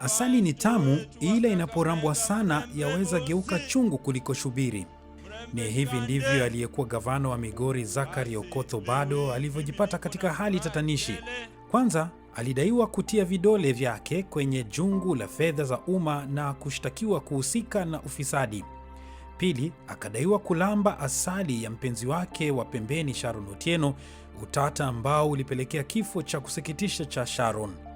Asali ni tamu, ila inaporambwa sana yaweza geuka chungu kuliko shubiri. Ni hivi ndivyo aliyekuwa gavana wa Migori Zakari Okotho Bado alivyojipata katika hali tatanishi. Kwanza alidaiwa kutia vidole vyake kwenye jungu la fedha za umma na kushtakiwa kuhusika na ufisadi. Pili, akadaiwa kulamba asali ya mpenzi wake wa pembeni Sharon Otieno, utata ambao ulipelekea kifo cha kusikitisha cha Sharon.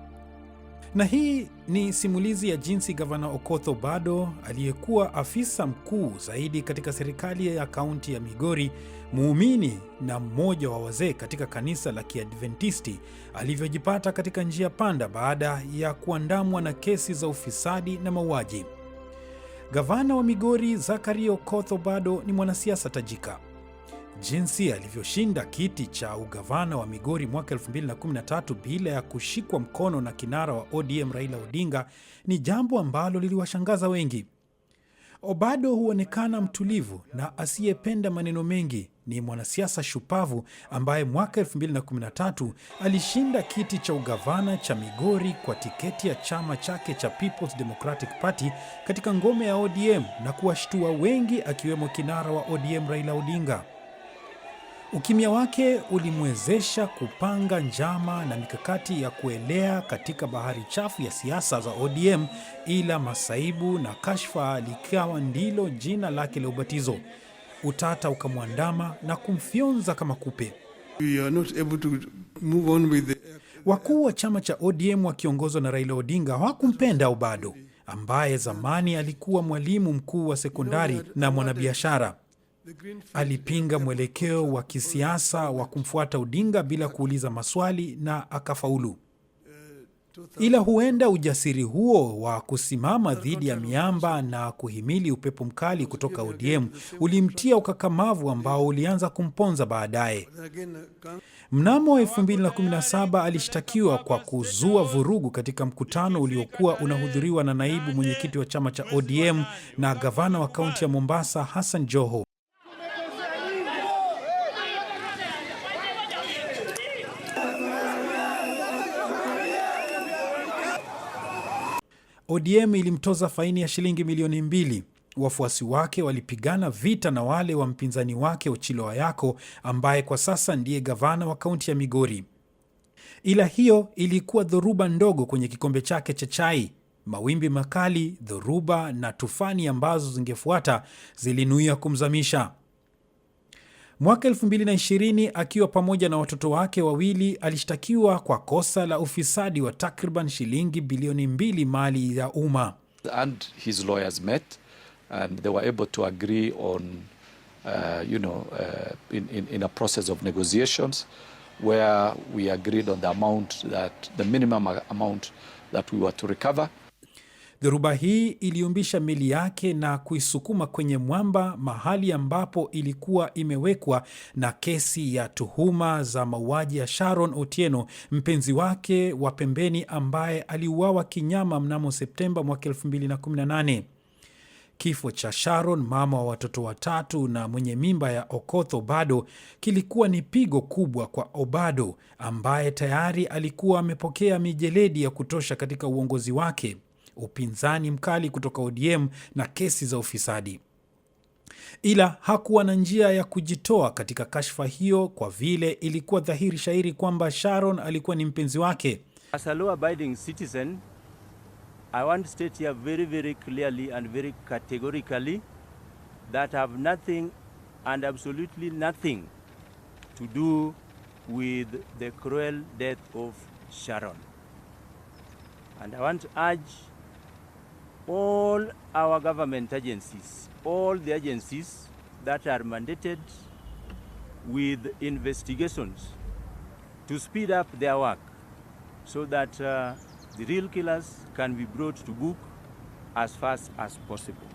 Na hii ni simulizi ya jinsi Gavana Okotho Bado, aliyekuwa afisa mkuu zaidi katika serikali ya kaunti ya Migori, muumini na mmoja wa wazee katika kanisa la Kiadventisti, alivyojipata katika njia panda baada ya kuandamwa na kesi za ufisadi na mauaji. Gavana wa Migori Zakari Okotho Bado ni mwanasiasa tajika jinsi alivyoshinda kiti cha ugavana wa Migori mwaka 2013 bila ya kushikwa mkono na kinara wa ODM Raila Odinga ni jambo ambalo liliwashangaza wengi. Obado huonekana mtulivu na asiyependa maneno mengi. Ni mwanasiasa shupavu ambaye mwaka 2013 alishinda kiti cha ugavana cha Migori kwa tiketi ya chama chake cha People's Democratic Party katika ngome ya ODM na kuwashtua wengi akiwemo kinara wa ODM Raila Odinga. Ukimya wake ulimwezesha kupanga njama na mikakati ya kuelea katika bahari chafu ya siasa za ODM, ila masaibu na kashfa likawa ndilo jina lake la ubatizo. Utata ukamwandama na kumfyonza kama kupe. Wakuu wa chama cha ODM wakiongozwa na Raila Odinga hawakumpenda Obado ambaye zamani alikuwa mwalimu mkuu wa sekondari na mwanabiashara. Alipinga mwelekeo wa kisiasa wa kumfuata Odinga bila kuuliza maswali na akafaulu. Ila huenda ujasiri huo wa kusimama dhidi ya miamba na kuhimili upepo mkali kutoka ODM ulimtia ukakamavu ambao ulianza kumponza baadaye. Mnamo 2017 alishtakiwa kwa kuzua vurugu katika mkutano uliokuwa unahudhuriwa na naibu mwenyekiti wa chama cha ODM na gavana wa kaunti ya Mombasa Hassan Joho. ODM ilimtoza faini ya shilingi milioni mbili. Wafuasi wake walipigana vita na wale wa mpinzani wake Ochilo Ayako ambaye kwa sasa ndiye gavana wa kaunti ya Migori. Ila hiyo ilikuwa dhoruba ndogo kwenye kikombe chake cha chai. Mawimbi makali, dhoruba na tufani ambazo zingefuata zilinuia kumzamisha. Mwaka 2020 akiwa pamoja na watoto wake wawili alishtakiwa kwa kosa la ufisadi wa takriban shilingi bilioni mbili mali ya umma. And his lawyers met and they were able to agree on uh, you know, uh, in, in, in a process of negotiations where we agreed on the amount that the minimum amount that we were to recover Dhoruba hii iliumbisha meli yake na kuisukuma kwenye mwamba, mahali ambapo ilikuwa imewekwa na kesi ya tuhuma za mauaji ya Sharon Otieno, mpenzi wake wa pembeni, ambaye aliuawa kinyama mnamo Septemba mwaka 2018. Kifo cha Sharon, mama wa watoto watatu na mwenye mimba ya Okoth Obado, kilikuwa ni pigo kubwa kwa Obado ambaye tayari alikuwa amepokea mijeledi ya kutosha katika uongozi wake upinzani mkali kutoka ODM na kesi za ufisadi ila hakuwa na njia ya kujitoa katika kashfa hiyo kwa vile ilikuwa dhahiri shairi kwamba Sharon alikuwa ni mpenzi wake. As a law abiding citizen, I want to state here very, very clearly and very categorically that I have nothing and absolutely nothing to do with the cruel death of Sharon. And I want to urge all our government agencies, all the agencies that are mandated with investigations to speed up their work so that uh, the real killers can be brought to book as fast as possible.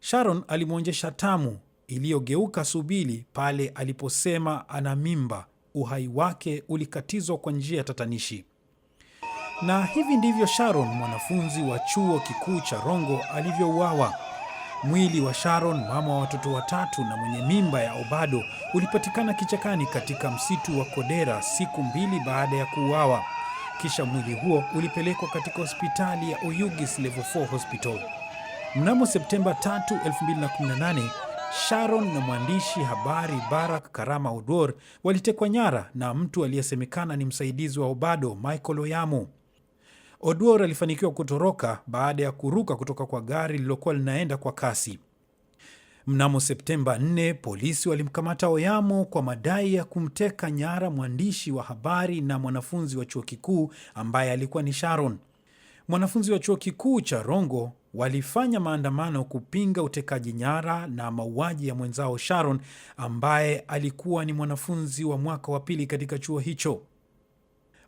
Sharon alimwonjesha Tamu iliyogeuka subili pale aliposema ana mimba. Uhai wake ulikatizwa kwa njia ya tatanishi. Na hivi ndivyo Sharon, mwanafunzi wa chuo kikuu cha Rongo, alivyouawa. Mwili wa Sharon, mama wa watoto watatu na mwenye mimba ya Obado, ulipatikana kichakani katika msitu wa Kodera siku mbili baada ya kuuawa. Kisha mwili huo ulipelekwa katika hospitali ya Oyugis Level 4 Hospital. Mnamo Septemba 3, 2018, Sharon na mwandishi habari Barak Karama Odor walitekwa nyara na mtu aliyesemekana ni msaidizi wa Obado, Michael Oyamu. Oduor alifanikiwa kutoroka baada ya kuruka kutoka kwa gari lililokuwa linaenda kwa kasi. Mnamo Septemba 4 polisi walimkamata Oyamo kwa madai ya kumteka nyara mwandishi wa habari na mwanafunzi wa chuo kikuu ambaye alikuwa ni Sharon. Mwanafunzi wa chuo kikuu cha Rongo walifanya maandamano kupinga utekaji nyara na mauaji ya mwenzao Sharon ambaye alikuwa ni mwanafunzi wa mwaka wa pili katika chuo hicho.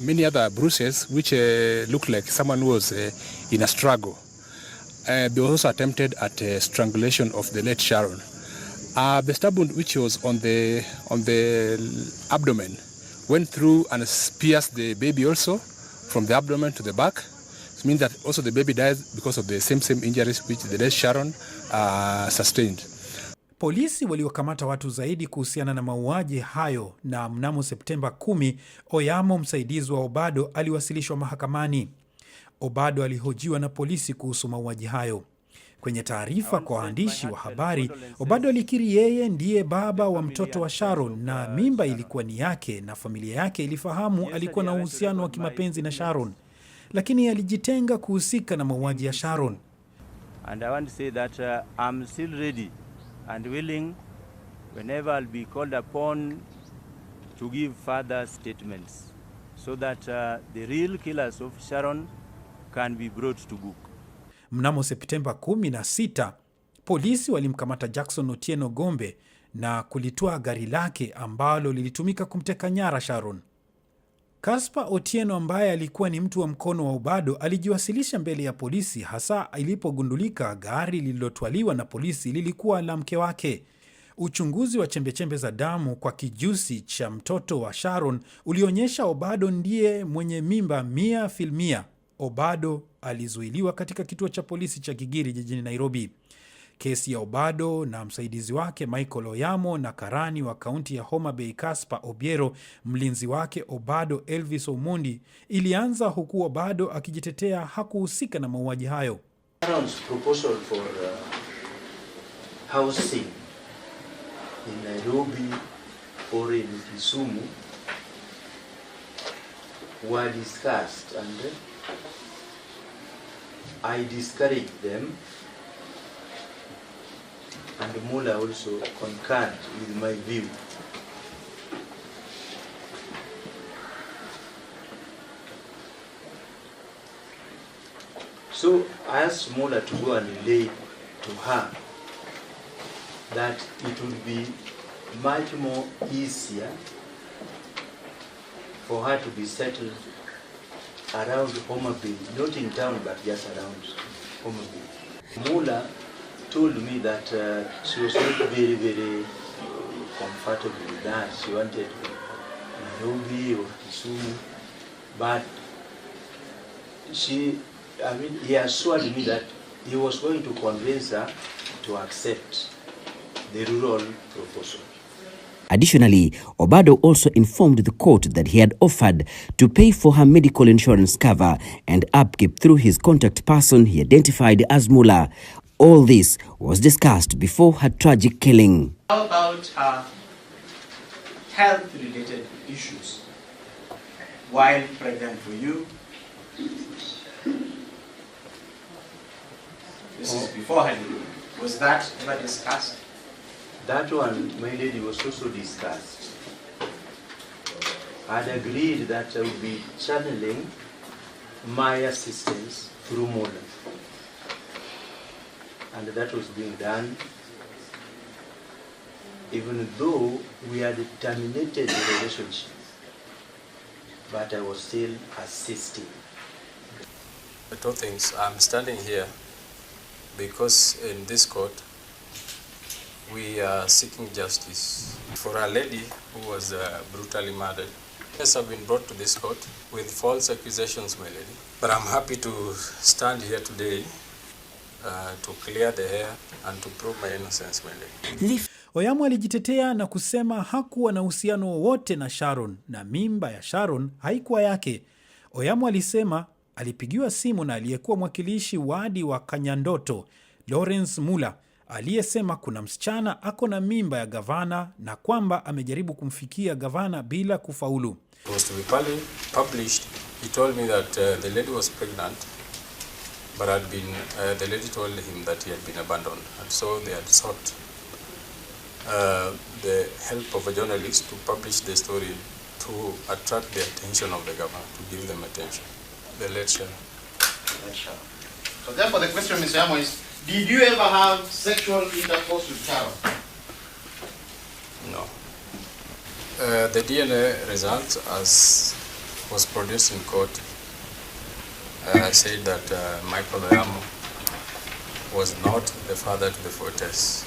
many other bruises which uh, look like someone was uh, in a struggle. Uh, they also attempted at strangulation of the late Sharon. The stab wound which was on the on the abdomen went through and pierced the baby also from the abdomen to the back. It means that also the baby dies because of the same same injuries which the late Sharon uh, sustained. Polisi waliwakamata watu zaidi kuhusiana na mauaji hayo, na mnamo Septemba 10 Oyamo, msaidizi wa Obado, aliwasilishwa mahakamani. Obado alihojiwa na polisi kuhusu mauaji hayo. Kwenye taarifa kwa waandishi wa habari, Obado alikiri yeye ndiye baba wa mtoto wa Sharon na mimba ilikuwa ni yake, na familia yake ilifahamu alikuwa na uhusiano wa kimapenzi na Sharon, lakini alijitenga kuhusika na mauaji ya Sharon. And I want to say that, uh, I'm still ready and willing whenever I'll be called upon to give further statements so that uh, the real killers of Sharon can be brought to book. Mnamo Septemba 16 polisi walimkamata Jackson Otieno Gombe na kulitwaa gari lake ambalo lilitumika kumteka nyara Sharon. Kaspa Otieno ambaye alikuwa ni mtu wa mkono wa Obado alijiwasilisha mbele ya polisi hasa ilipogundulika gari lililotwaliwa na polisi lilikuwa la mke wake. Uchunguzi wa chembechembe za damu kwa kijusi cha mtoto wa Sharon ulionyesha Obado ndiye mwenye mimba mia filmia. Obado alizuiliwa katika kituo cha polisi cha Kigiri jijini Nairobi. Kesi ya Obado na msaidizi wake Michael Oyamo na karani wa kaunti ya Homa Bay Caspar Obiero, mlinzi wake Obado Elvis omundi ilianza huku Obado akijitetea hakuhusika na mauaji hayo. Uh, I discouraged them and Muller also concurred with my view. So I asked Muller to go and relay to her that it would be much more easier for her to be settled around Homer Bay, not in town but just around Homer Bay told me that uh, she was not very, very comfortable with that. She wanted Nairobi or Kisumu, but she, I mean, he assured me that he was going to convince her to accept the rural proposal. Additionally, Obado also informed the court that he had offered to pay for her medical insurance cover and upkeep through his contact person he identified as Mula. All this was discussed before her tragic killing. How about her uh, health-related issues while pregnant for you? This is before her Was that ever discussed? That one, my lady, was also discussed. I agreed that I would be channeling my assistance through Mona and that was being done even though we had terminated the relationship, but I was still assisting. two things, I'm standing here because in this court we are seeking justice for a lady who was uh, brutally murdered. Yes, I've been brought to this court with false accusations, my lady, but I'm happy to stand here today Uh, to clear the hair and to prove my innocence really. Oyamu alijitetea na kusema hakuwa na uhusiano wowote na Sharon na mimba ya Sharon haikuwa yake. oyamu alisema alipigiwa simu na aliyekuwa mwakilishi wadi wa Kanyandoto Lawrence Mula aliyesema kuna msichana ako na mimba ya gavana na kwamba amejaribu kumfikia gavana bila kufaulu. published. told me that, uh, the lady was pregnant. but had been, uh, the lady told him that he had been abandoned, and so they had sought uh, the help of a journalist to publish the story to attract the attention of the government, to give them attention. The lecture. lecture. So therefore the question, Mr. Amo, is did you ever have sexual intercourse with Tara? No. Uh, the DNA results as was produced in court uh, said that uh, Michael Oyamo was not the father to the Fortes.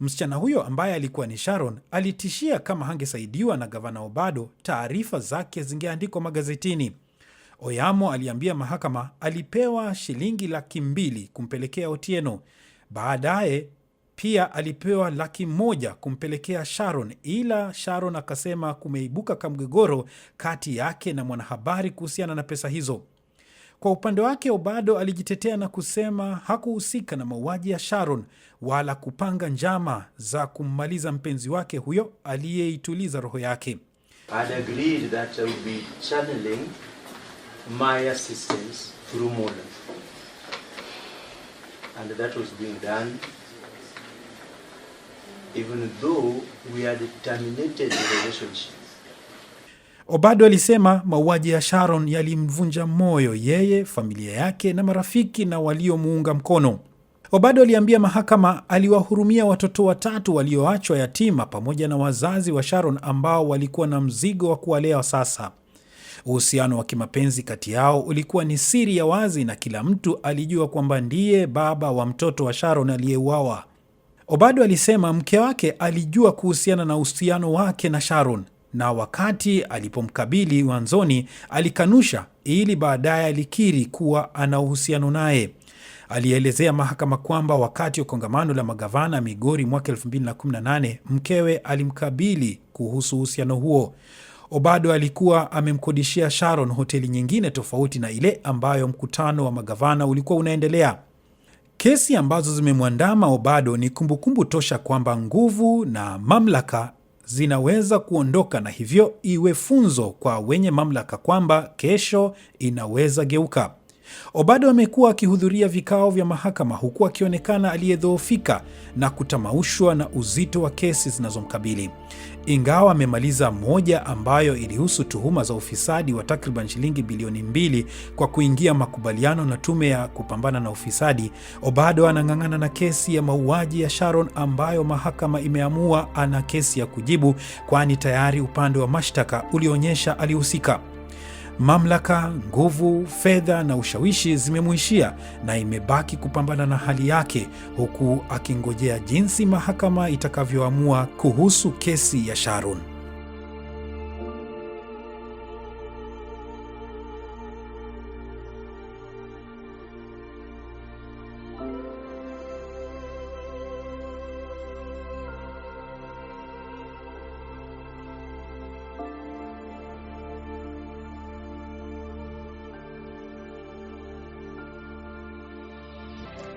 Msichana huyo ambaye alikuwa ni Sharon alitishia kama hangesaidiwa na gavana Obado, taarifa zake zingeandikwa magazetini. Oyamo aliambia mahakama alipewa shilingi laki mbili kumpelekea Otieno. Baadaye pia alipewa laki moja kumpelekea Sharon, ila Sharon akasema kumeibuka kamgogoro kati yake na mwanahabari kuhusiana na pesa hizo. Kwa upande wake, Obado alijitetea na kusema hakuhusika na mauaji ya Sharon wala kupanga njama za kummaliza mpenzi wake huyo aliyeituliza roho yake. Even though we had terminated the relationship. Obado alisema mauaji ya Sharon yalimvunja moyo yeye, familia yake na marafiki na waliomuunga mkono. Obado aliambia mahakama aliwahurumia watoto watatu walioachwa yatima pamoja na wazazi wa Sharon ambao walikuwa na mzigo wa kuwalea sasa. Uhusiano wa kimapenzi kati yao ulikuwa ni siri ya wazi na kila mtu alijua kwamba ndiye baba wa mtoto wa Sharon aliyeuawa. Obado alisema mke wake alijua kuhusiana na uhusiano wake na Sharon na wakati alipomkabili wanzoni alikanusha, ili baadaye alikiri kuwa ana uhusiano naye. Alielezea mahakama kwamba wakati wa kongamano la magavana Migori mwaka 2018 mkewe alimkabili kuhusu uhusiano huo. Obado alikuwa amemkodishia Sharon hoteli nyingine tofauti na ile ambayo mkutano wa magavana ulikuwa unaendelea. Kesi ambazo zimemwandama Obado ni kumbukumbu tosha kwamba nguvu na mamlaka zinaweza kuondoka na hivyo iwe funzo kwa wenye mamlaka kwamba kesho inaweza geuka. Obado amekuwa akihudhuria vikao vya mahakama huku akionekana aliyedhoofika na kutamaushwa na uzito wa kesi zinazomkabili ingawa amemaliza moja ambayo ilihusu tuhuma za ufisadi wa takriban shilingi bilioni mbili kwa kuingia makubaliano na tume ya kupambana na ufisadi. Obado anang'ang'ana na kesi ya mauaji ya Sharon ambayo mahakama imeamua ana kesi ya kujibu, kwani tayari upande wa mashtaka ulionyesha alihusika. Mamlaka, nguvu, fedha na ushawishi zimemuishia na imebaki kupambana na hali yake, huku akingojea jinsi mahakama itakavyoamua kuhusu kesi ya Sharon.